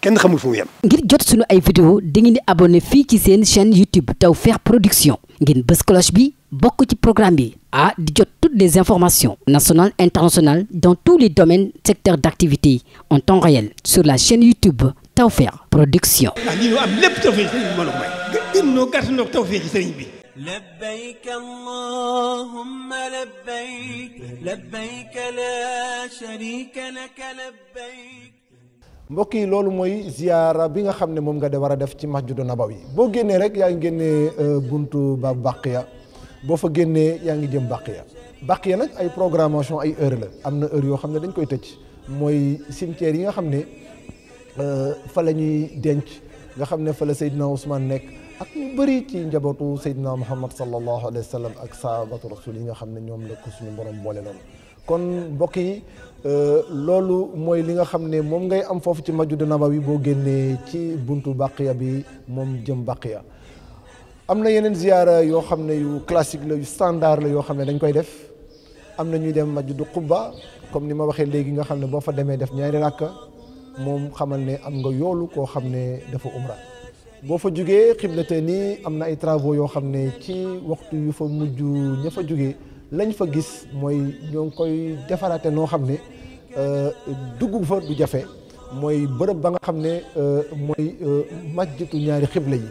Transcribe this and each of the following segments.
kenn xamul fu mu yem. ngir jot sunu ay vidéo dangeen di abonné fii ci seen chaîne YouTube Tawfekh Production ngeen bës bi bokk ci programme bi ah di jot toutes les informations nationales internationales dans tous les domaines secteurs d'activité en temps réel sur la chaîne YouTube Tawfekh Production. ah lii ñu am lépp tawfeex ci sëriñ bi moom mooy gën ñoo gàtt bi. labbayk allahumma labbayk la sharika lak labbayk. mbokk yi loolu mooy ziyaara bi nga xam ne moom nga de war a def ci masjidu nabawi boo génnee rek yaa ngi génnee euh, buntu ba Baqiya boo fa génnee yaa ngi jëm Baqiya Baqiya nag ay programmation ay heure la am na heure yoo xam ne dañ koy tëj mooy cimetière yi nga xam ne euh, fa la ñuy denc nga xam ne fa la Seydina Ousmane nekk ak ñu bëri ci njabootu Seydina Muhammad sallallahu alayhi wa sallam ak sahabatu rasul yi nga xam ne ñoom la ko suñu borom boole loolu kon mbokk yi euh, loolu mooy li nga xam ne moom ngay am foofu ci Masjidu yi boo génnee ci buntu Baqiya bi moom jëm Baqiya am na yeneen ziyaara yoo xam ne yu classique la yu standard la yoo xam ne dañ koy def am na ñuy dem Masjidu Quba comme ni ma waxee léegi nga xam ne boo fa demee def ñaari ràkka moom xamal ne am nga yoolu koo xam ne dafa umra boo fa jugee xiblatee nii am na ay travaux yoo xam ne ci waxtu yu fa mujj ña fa jugee lañ fa gis mooy ñoo ngi koy defaraate noo xam ne euh, dugg fa du jafe mooy bërëb ba nga xam ne euh, mooy euh, majjitu ñaari xibla yi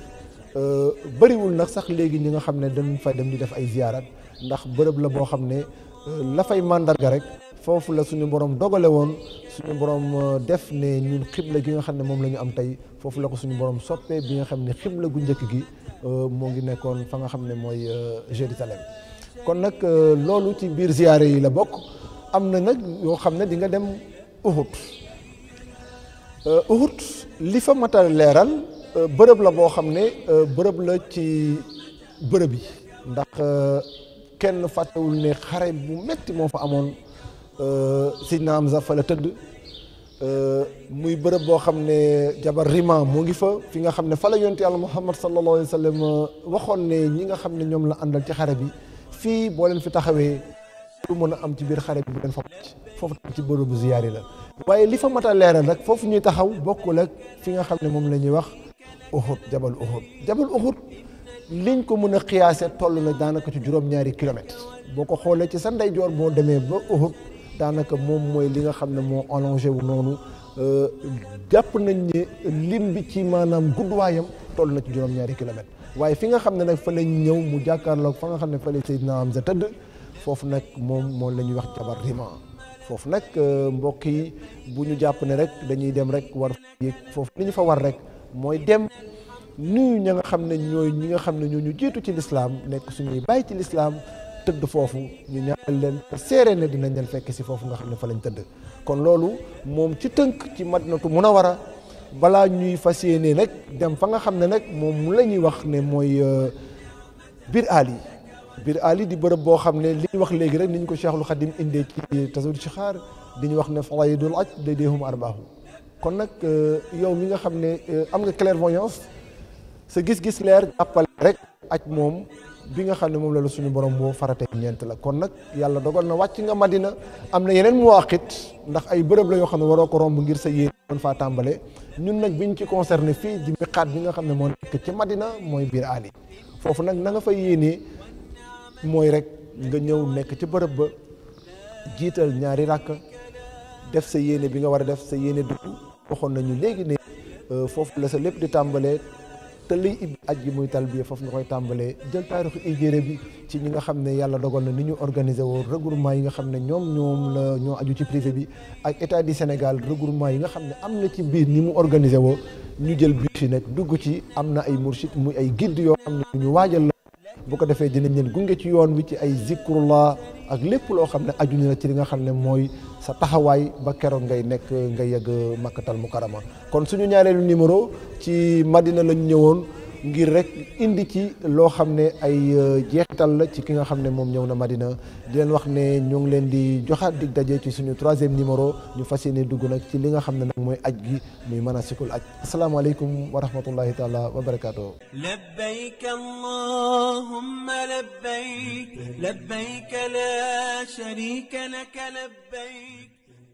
bariwul nag sax léegi ñi nga xam ne dañ fa dem di def ay ziyaarat ndax bërëb la boo xam ne la fay màndarga rek foofu la suñu borom dogale woon suñu borom def ne ñun xibla gi nga xam ne moom lañu am tey foofu la ko suñu borom soppee bi nga xam ne xibla gu njëkk gi moo ngi nekkoon fa nga xam ne mooy Jérusalem kon nag euh, loolu ci biir ziyaare yi la bokk am na nag yoo xam ne di nga dem Uhud euh, Uhud li fa mat a leeral euh, bërëb la boo xam ne bërëb la ci bërëb yi ndax kenn fàttewul ne xare bu metti moo fa amoon Sidna Hamza fa la tëdd muy bërëb boo xam ne jabar rima moo ngi fa fi nga xam ne fa la yonent yàlla Muhammad sa alayhi wa sallam waxoon ne ñi nga xam ne ñoom la àndal ci xare bi fii boo leen fi taxawee lu mën a am ci biir xare bi bu leen fa foofu ci bërëbu ziyaar yi la waaye li fa mat a leeral rek foofu ñuy taxaw bokkul ak fi nga xam ne moom lañuy wax Uhud jabal Uhud jabal Uhud liñ ko mën a xiyaase toll na daanaka ci juróom-ñaari kilomètres boo ko xoolee ci sa ndeyjoor boo demee ba Uhud daanaka moom mooy li nga xam ne moo allongé wu noonu euh, jàpp nañ ne lim bi ci maanaam guddwaayam toll na ci juróom-ñaari kilomètre waaye fi nga xam ne nag fa lañ ñëw mu jàkkaarloog fa nga xam ne fa la Seydina foofu nag moom moo la ñuy wax jabar rima foofu nag euh, mbokk yi bu ñu jàpp ne rek dañuy dem rek war foofu li ñu fa war rek mooy dem nuyu ña nga xam ne ñooy ñi nga xam ne ñoo ñu jiitu ci lislaam nekk suñuy bàyyi ci lislaam tëdd foofu ñu ñaanal leen te seere ne leen fekk si foofu nga xam ne fa lañ tëdd kon loolu moom ci tënk ci Madinatu Munawara balaa ñuy fas yéene nag dem fa nga xam ne nag moom la ñuy wax ne mooy euh, Bir yi Bir Ali di bërëb boo xam ne li wax léegi rek ni ñu ko Cheikhul Khadim indee ci tasawud di ñu wax ne fadaidul aj daydeehum arbaahu kon nag euh, yow mi nga xam ne euh, am nga clairvoyance sa gis-gis leer jàppale rek aj moom bi nga xam ne moom la suñu borom boo farate ñeent la kon nag yàlla dogal na wàcc nga Madina am na yeneen muwaqit ndax ay bërëb la yoo xam ne waroo ko romb ngir sa yéene mën faa tàmbalee ñun nag ñu ci concerné fii di miqaat bi nga xam ne moo nekk ci Madina mooy biir Ali foofu nag na nga fay yéenee mooy rek nga ñëw nekk ci bërëb ba jiital ñaari ràkk def sa yéene bi nga war a def sa yéene dugg waxoon nañu léegi ne euh, foofu la sa lépp di tàmbalee te liy ib aj gi muy talbiya foofu nga koy tàmbalee jël taarixu Ijéré bi ci ñi nga xam ne yàlla dogal na ni ñu organisé woo regroupement yi nga xam ne ñoom ñoom la ñoo aju ci privé bi ak état du Sénégal regroupement yi nga xam ne am na ci biir ñi mu organisé woo ñu jël bus yi nag dugg ci am na ay mursid muy ay guide yoo xam ne ñu waajal la bu ko defee dinañ leen gunge ci yoon wi ci ay zikrullah ak lépp loo xam ne aju na ci li nga xam ne mooy sa taxawaay ba keroog ngay nekk nga yegg makkatal mukarama kon suñu ñaareelu numéro ci maddina lañu ñëwoon. ngir rek indi ci loo xam ne ay euh, jeexital la ci ki nga xam ne moom ñëw na Madina di leen wax ne ñoo ngi leen di joxaat dig daje ci suñu troisième numéro ñu fas yéene dugg nag ci li nga xam ne nag mooy aj gi muy manasikul aj asalaamaaleykum wa rahmatullahi taala wa barakaatu labbayk la sharika lak labbayk